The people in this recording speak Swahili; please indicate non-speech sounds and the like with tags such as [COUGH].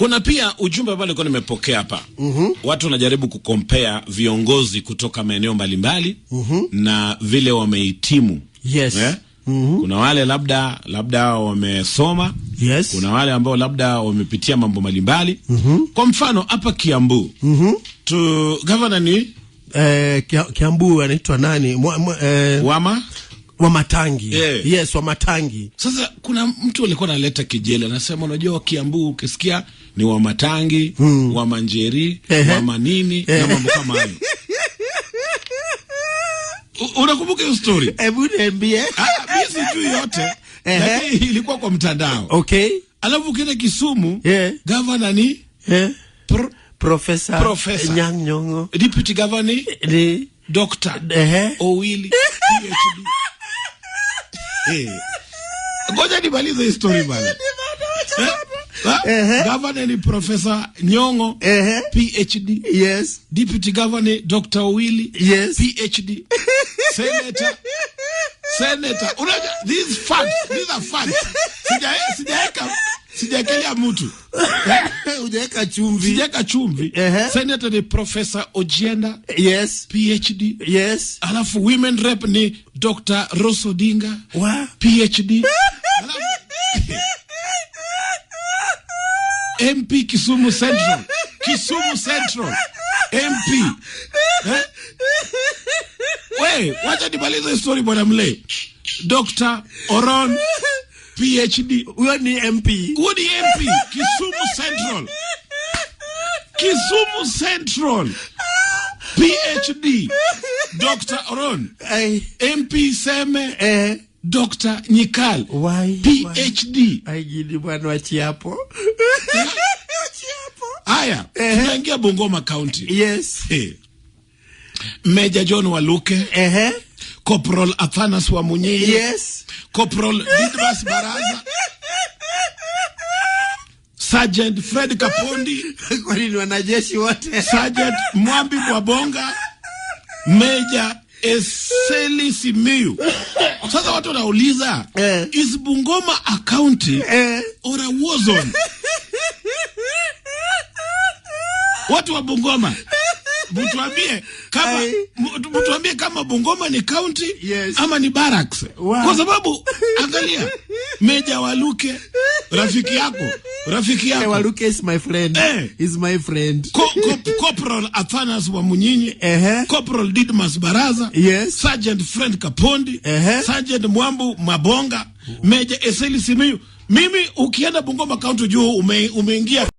Kuna pia ujumbe ambao nilikuwa nimepokea hapa. mm -hmm. Watu wanajaribu kukompea viongozi kutoka maeneo mbalimbali mm -hmm. na vile wamehitimu. Yes. Yeah? Mm -hmm. Kuna wale labda labda wamesoma. Yes. Kuna wale ambao labda wamepitia mambo mbalimbali. mm -hmm. Kwa mfano hapa Kiambu. mm -hmm. tu gavana ni eh, Kiambu anaitwa nani? Mwa, mwa, eh, Wama wa matangi yeah. Yes, wa matangi. Sasa kuna mtu alikuwa analeta kijeli anasema unajua, Wakiambu ukisikia ni wa matangi hmm. wa manjeri wa manini na mambo kama hayo Unakumbuka hiyo story? Hebu niambie. Ah, mimi sijui yote. Lakini ilikuwa kwa mtandao. Okay. Alafu kile Kisumu, yeah. Governor ni yeah. pr- Professor, Professor nyang'nyongo Deputy Governor ni doctor Dr. Owili. PhD. Eh. Ngoja nimalize hii story bana. uh eh? Governor ni Professor Nyong'o uh-huh. PhD. Yes. Deputy Governor Dr. Willy. Yes. PhD. [LAUGHS] Senator. Senator. Unajua these facts, these are facts. Sija sijaweka sijaekelea mtu. [LAUGHS] Hujaweka chumvi. Sijaweka chumvi. Uh-huh. Senator ni Professor Ojienda. Yes. PhD. Yes. Alafu women rep ni Dr. Rose Odinga wa PhD MP Kisumu Central, Kisumu Central MP eh? We, wacha nimalize story bwana mle. Dr. Oron PhD, huyo ni MP, huyo ni MP Kisumu Central, Kisumu Central PhD Dr. Oron Aye. MP Seme eh. Dr. Nyikal Why? PhD aijini bwana wachiapo [LAUGHS] haya eh. tunaingia Bungoma County yes. eh. Meja John Waluke eh. Corporal Athanas Wamunyi yes. Corporal Didras Baraza Sergeant Fred Kapondi, [LAUGHS] kwa nini wanajeshi wote? Sergeant Mwambi Mwabonga, Major Eseli Simiu. Sasa watu wanauliza eh, is Bungoma a county eh, or a war zone? Watu wa Bungoma mtuambie kama mtuambie kama Bungoma ni county yes, ama ni barracks wow. Kwa sababu angalia Meja Waluke rafiki yako rafiki yako Waluke is my friend eh. is my friend Co -co Corporal Athanas wa Munyinyi uh -huh. Corporal Didmas Baraza yes. Sergeant Friend Kapondi uh -huh. Sergeant Mwambu Mabonga Meja Eseli Simiyu mimi ukienda Bungoma County juu ume, umeingia